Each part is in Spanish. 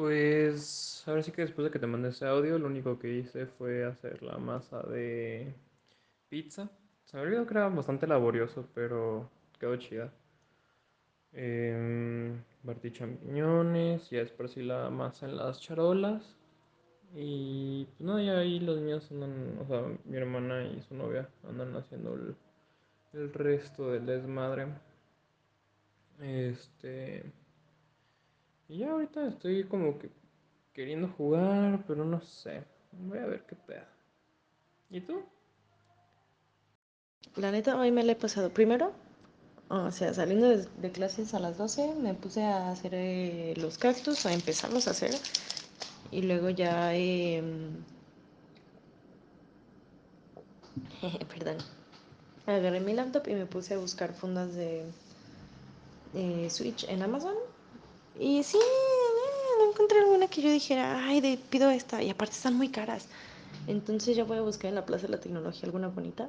Pues ahora sí que después de que te mandé ese audio, lo único que hice fue hacer la masa de pizza. Se me olvidó que era bastante laborioso, pero quedó chida. Eh, em, partí champiñones, ya esparcí la masa en las charolas. Y pues no, y ahí los niños andan, o sea, mi hermana y su novia andan haciendo el, el resto del desmadre. Este. Y ya ahorita estoy como que queriendo jugar, pero no sé. Voy a ver qué pedo. ¿Y tú? La neta, hoy me la he pasado. Primero, o sea, saliendo de, clases a las 12, me puse a hacer eh, los cactus, a empezamos a hacer. Y luego ya... Em, perdón. Agarré mi laptop y me puse a buscar fundas de eh, Switch en Amazon y sí, no, encontré alguna que yo dijera, ay, de, pido esta. Y aparte están muy caras. Entonces ya voy a buscar en la Plaza de la Tecnología alguna bonita.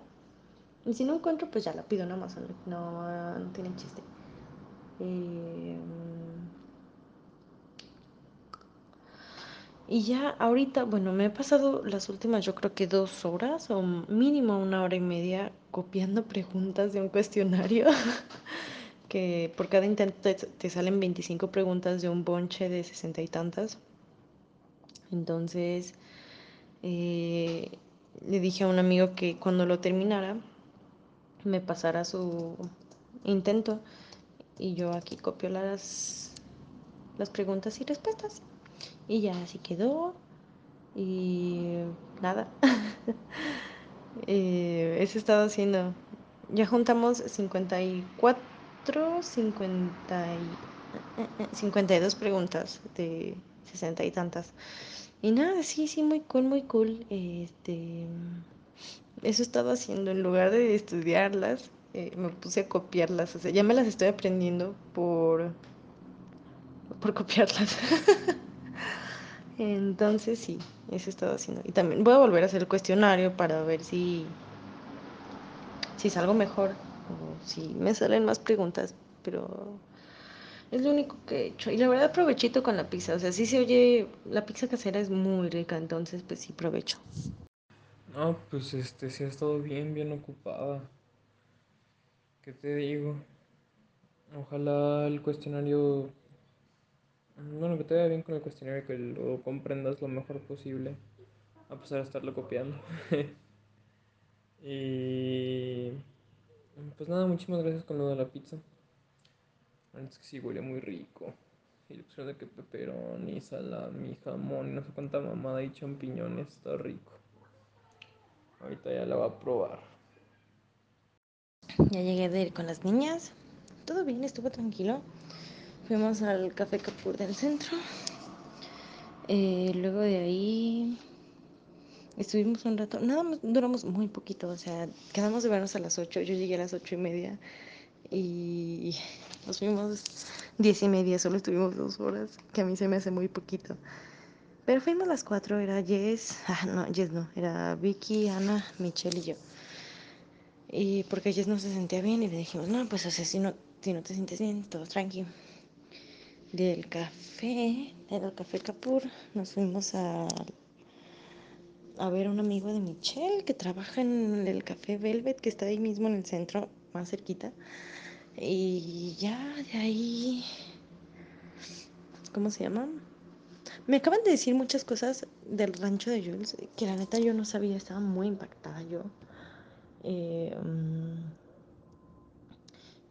Y si no encuentro, pues ya la pido en Amazon. No, tienen chiste. Eh, y ya ahorita, bueno, me he pasado las últimas, yo creo que dos horas o mínimo una hora y media copiando preguntas de un cuestionario. que por cada intento te, salen 25 preguntas de un bonche de sesenta y tantas. Entonces, eh, le dije a un amigo que cuando lo terminara, me pasara su intento y yo aquí copio las, las preguntas y respuestas. Y ya así quedó y nada. Eh, he estado haciendo. Ya juntamos 54 50 52 eh, eh, eh, preguntas de 60 y tantas. Y nada, sí, sí, muy cool, muy cool. Este, eso estado haciendo, en lugar de estudiarlas, me puse a copiarlas. ya me las estoy aprendiendo por, por copiarlas. Entonces sí, eso he estado haciendo. Y también voy a volver a hacer el cuestionario para ver si, si salgo mejor si me salen más preguntas, pero es lo único que he hecho. Y la verdad provechito con la pizza, o sea, si se oye, la pizza casera es muy rica, entonces pues sí provecho. No, pues este, sí ha estado bien, bien ocupada. ¿Qué te digo? Ojalá el cuestionario... Bueno, que te vaya bien con el cuestionario, que lo comprendas lo mejor posible, a pesar de estarlo copiando. y... Pues nada, muchísimas gracias con lo de la pizza. Es que sí huele muy rico. Y de que peperoni, salami, jamón y no sé cuánta mamada y champiñones está rico. Ahorita ya la va a probar. Ya llegué de ir con las niñas. Todo bien, estuvo tranquilo. Fuimos al Café Capur del centro. Eh, luego de ahí Estuvimos un rato, nada más duramos muy poquito, o sea, quedamos de vernos a las 8, yo llegué a las 8 y media y nos fuimos 10 y media, solo estuvimos dos horas, que a mí se me hace muy poquito. Pero fuimos las cuatro, era Jess, ah, no, Jess no, era Vicky, Ana, Michelle y yo. Y porque Jess no se sentía bien y le dijimos, no, pues así si no, si no te sientes bien, todo tranquilo. Del café, del café Capur, nos fuimos a a ver a un amigo de Michelle que trabaja en el café Velvet, que está ahí mismo en el centro, más cerquita. Y ya de ahí, ¿cómo se llama? Me acaban de decir muchas cosas del rancho de Jules que la neta yo no sabía, estaba muy impactada yo. Eh,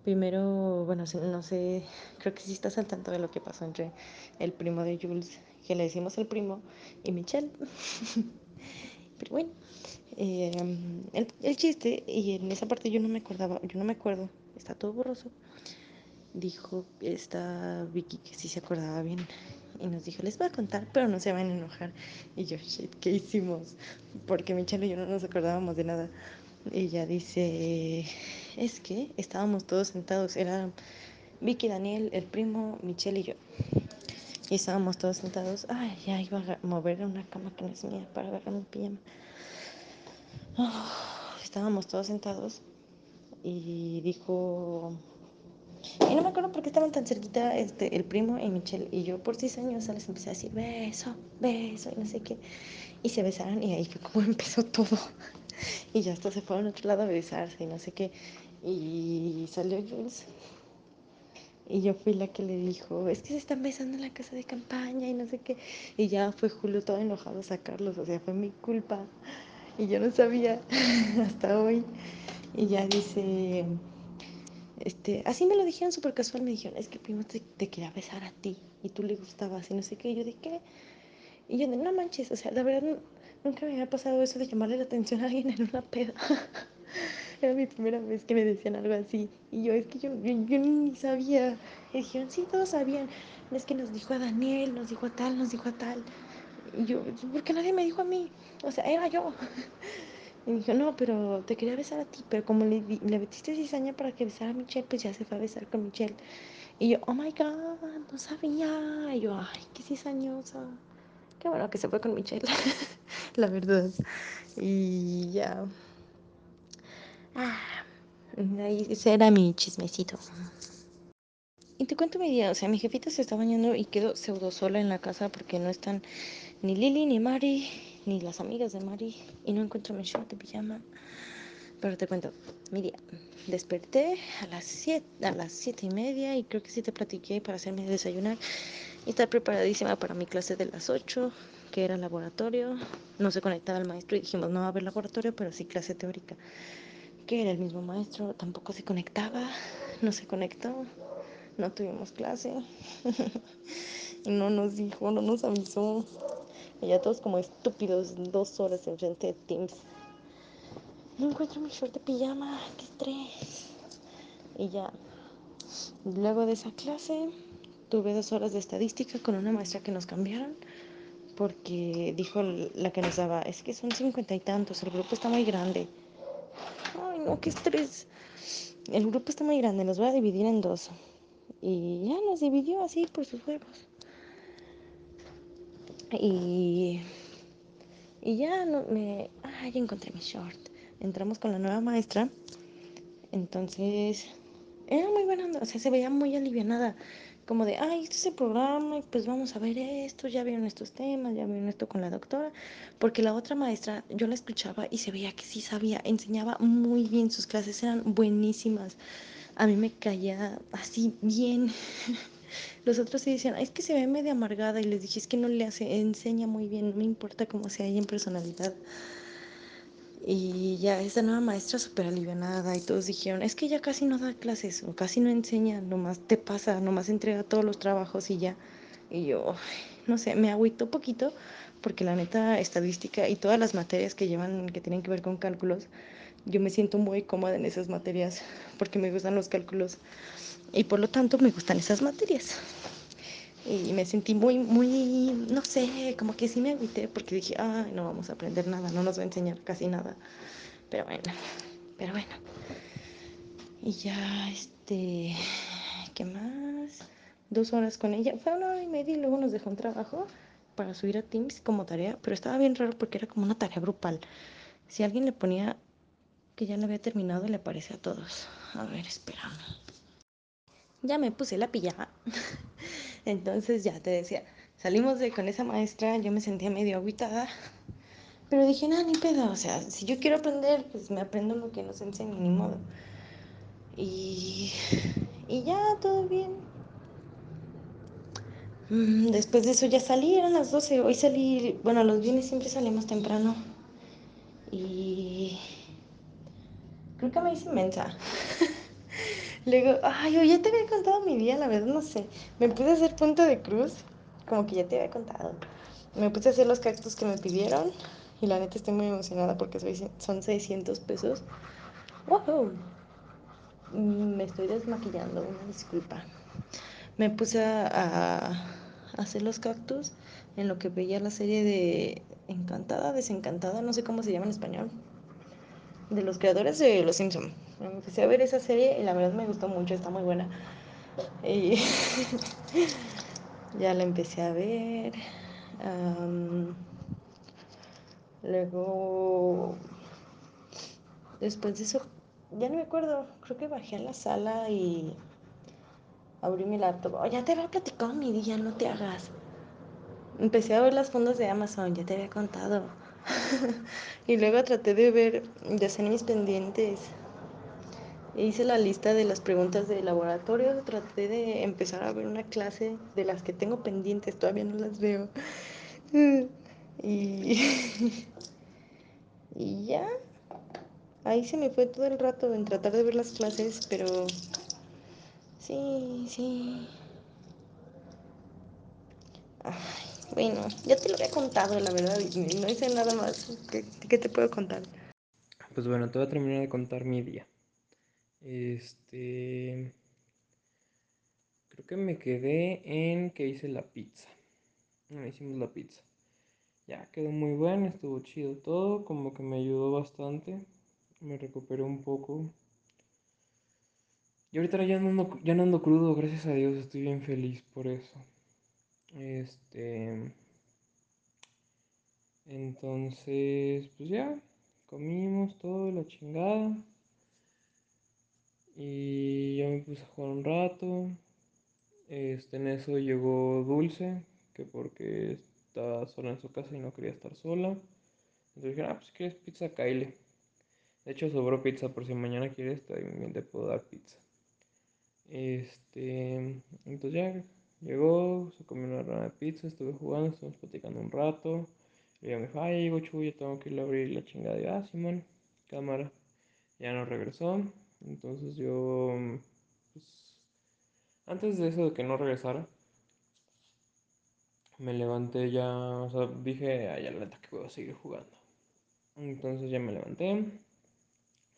primero, bueno, no sé, creo que sí estás al tanto de lo que pasó entre el primo de Jules, que le decimos el primo, y Michelle. Pero bueno, em, el, chiste, y en esa parte yo no me acordaba, yo no me acuerdo, está todo borroso. Dijo esta Vicky que sí se acordaba bien y nos dijo, les voy a contar, pero no se van a enojar. Y yo, shit, ¿qué hicimos? Porque Michelle y yo no nos acordábamos de nada. Ella dice, es que estábamos todos sentados, era Vicky, Daniel, el primo, Michelle y yo. Y estábamos todos sentados. Ay, ya iba a mover una cama que no es mía para agarrar un pijama. estábamos todos sentados y dijo. Y no me acuerdo por qué estaban tan cerquita este, el primo y Michelle. Y yo por seis años les empecé a decir beso, beso y no sé qué. Y se besaron y ahí fue como empezó todo. y ya hasta se fueron a otro lado a besarse y no sé qué. Y salió Jules y yo fui la que le dijo, es que se están besando en la casa de campaña y no sé qué. Y ya fue Julio todo enojado a sacarlos, o sea, fue mi culpa. Y yo no sabía hasta hoy. Y ya dice, este, así me lo dijeron súper casual, me dijeron, es que primo te, te, quería besar a ti y tú le gustabas y no sé qué. Y yo de qué. Y yo de, no manches, o sea, la verdad nunca me había pasado eso de llamarle la atención a alguien en una peda. era mi primera vez que me decían algo así. Y yo, es que yo, yo, ni sabía. Y dijeron, sí, todos sabían. Es que nos dijo a Daniel, nos dijo a tal, nos dijo a tal. Y yo, ¿por qué nadie me dijo a mí? O sea, era yo. Y dijo, no, pero te quería besar a ti. Pero como le, le metiste cizaña para que besara a Michelle, pues ya se fue a besar con Michelle. Y yo, oh my God, no sabía. Y yo, ay, qué cizañosa. Qué bueno que se fue con Michelle, la verdad. Y ya. Ah, ese era mi chismecito. Y te cuento mi día, o sea, mi jefita se está bañando y quedo pseudo sola en la casa porque no están ni Lili, ni Mari, ni las amigas de Mari y no encuentro mi short de pijama. Pero te cuento, mi día, desperté a las 7 a las siete y media y creo que sí te platiqué para hacerme desayunar y estar preparadísima para mi clase de las 8, que era laboratorio. No se conectaba al maestro y dijimos no va a haber laboratorio, pero sí clase teórica era el mismo maestro, tampoco se conectaba, no se conectó, no tuvimos clase, no nos dijo, no nos avisó. Y ya todos como estúpidos, dos horas enfrente de Teams. No encuentro mi short de pijama, qué estrés. Y ya. Luego de esa clase, tuve dos horas de estadística con una maestra que nos cambiaron porque dijo la que nos daba, es que son cincuenta y tantos, el grupo está muy grande qué estrés. El grupo está muy grande, los voy a dividir en dos. Y ya nos dividió así por sus huevos. Y, y ya no, me, ay, ah, encontré mi short. Entramos con la nueva maestra. Entonces era muy buena o sea, se veía muy alivianada, como de, ay, este es el programa, pues vamos a ver esto, ya vieron estos temas, ya vieron esto con la doctora, porque la otra maestra, yo la escuchaba y se veía que sí sabía, enseñaba muy bien, sus clases eran buenísimas, a mí me caía así bien. Los otros se decían, es que se ve medio amargada y les dije, es que no le hace, enseña muy bien, no me importa cómo sea ella en personalidad. Y ya esa nueva maestra súper alivianada y todos dijeron, es que ya casi no da clases o casi no enseña, nomás te pasa, nomás entrega todos los trabajos y ya. Y yo, no sé, me un poquito porque la neta estadística y todas las materias que llevan, que tienen que ver con cálculos, yo me siento muy cómoda en esas materias porque me gustan los cálculos y por lo tanto me gustan esas materias y me sentí muy, muy, no sé, como que sí me agüité porque dije, ay, no vamos a aprender nada, no nos va a enseñar casi nada. Pero bueno, pero bueno. Y ya, este, ¿qué más? Dos horas con ella. Fue una hora y media y luego nos dejó un trabajo para subir a Teams como tarea, pero estaba bien raro porque era como una tarea grupal. Si alguien le ponía que ya no había terminado, le aparece a todos. A ver, espera. Ya me puse la pijama. Entonces ya te decía, salimos de con esa maestra, yo me sentía medio aguitada, pero dije, nada ni pedo, o sea, si yo quiero aprender, pues me aprendo lo que nos enseñan, ni modo. Y, y ya, todo bien. Mm, después de eso ya salí, eran las 12, hoy salí, bueno, los viernes siempre salimos temprano. Y creo que me hice mensa. ay, yo ya te había contado mi día, la verdad, no sé. Me puse a hacer punto de cruz, como que ya te había contado. Me puse a hacer los cactus que me pidieron y la neta estoy muy emocionada porque son 600 pesos. ¡Wow! Mm, me estoy desmaquillando, una disculpa. Me puse a, a hacer los cactus en lo que veía la serie de Encantada, Desencantada, no sé cómo se llama en español de los creadores de Los Simpson. Empecé a ver esa serie y la verdad me gustó mucho, está muy buena. Y ya la empecé a ver. luego, después de eso, ya no me acuerdo, creo que bajé a la sala y abrí mi laptop. Oh, ya te había platicado mi día, no te hagas. Empecé a ver las fondas de Amazon, ya te había contado. y luego traté de ver, de hacer mis pendientes. E hice la lista de las preguntas de laboratorio, traté de empezar a ver una clase de las que tengo pendientes, todavía no las veo. y, y ya, ahí se me fue todo el rato en tratar de ver las clases, pero sí, sí. Ay. Bueno, ya te lo había contado, la verdad, no hice nada más. ¿Qué, te puedo contar? Pues bueno, te voy a terminar de contar mi día. Este. Creo que me quedé en que hice la pizza. No, hicimos la pizza. Ya quedó muy bueno, estuvo chido todo, como que me ayudó bastante. Me recuperé un poco. Y ahorita ya ya no ando crudo, gracias a Dios, estoy bien feliz por eso. Este. Entonces, pues ya, comimos todo, la chingada. Y yo me puse a jugar un rato. Este, en eso llegó Dulce, que porque estaba sola en su casa y no quería estar sola. Entonces dije, ah, pues quieres pizza, Kyle. De hecho, sobró pizza por si mañana quieres, también te puedo dar pizza. Este, entonces ya Llegó, se comió una rana de pizza, estuve jugando, estuvimos platicando un rato. Y yo me dijo, ay, yo tengo que ir a abrir la chingada de ah, cámara. Ya no regresó. Entonces yo, pues, antes de eso de que no regresara, me levanté ya, o sea, dije, ay, ya la que voy a seguir jugando. Entonces ya me levanté,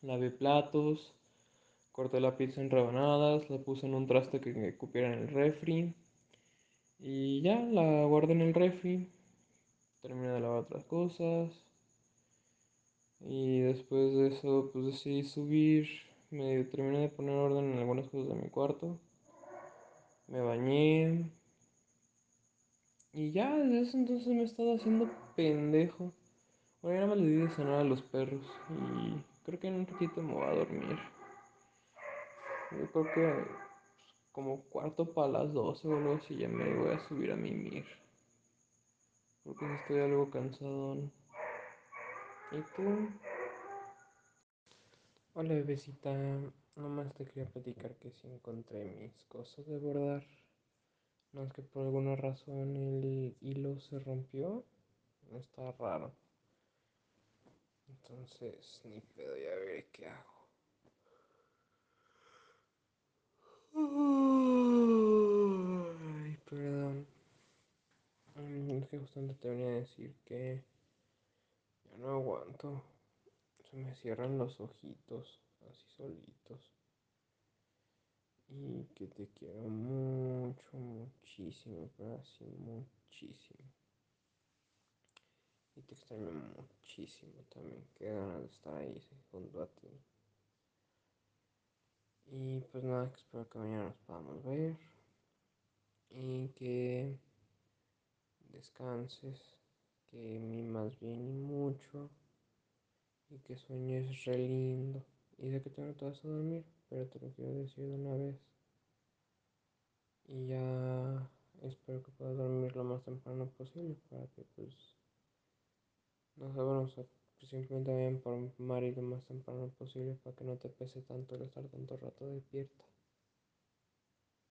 lavé platos, corté la pizza en rebanadas, la puse en un traste que, que cupiera en el refri y ya la guardé en el refri. Terminé de lavar otras cosas. Y después de eso, pues decidí subir. Me terminé de poner orden en algunas cosas de mi cuarto. Me bañé. Y ya desde ese entonces me he estado haciendo pendejo. Bueno, ya me le di de cenar a los perros. Y creo que en un ratito me voy a dormir. Yo creo que como cuarto para las 12 o algo ya me voy a subir a mimir. Porque estoy algo cansado. ¿Y tú? Hola bebecita, nomás te quería platicar que si encontré mis cosas de bordar. No es que por alguna razón el hilo se rompió. Está raro. Entonces, ni pedo, ya veré qué hago. Ay, perdón. Mm, es que justamente te venía a decir que ya no aguanto. Se me cierran los ojitos así solitos. Y que te quiero mucho, muchísimo, pero muchísimo. Y te extraño muchísimo también. Qué ganas de estar ahí junto a ti. Y pues nada, espero que mañana nos podamos ver. Y que descanses, que mimas bien y mucho. Y que sueñes re lindo. Y de que tú no te vas a dormir, pero te lo quiero decir de una vez. Y ya espero que puedas dormir lo más temprano posible para que pues nos abramos a pues, simplemente vayan por y lo más temprano posible para que no te pese tanto el estar tanto rato despierta.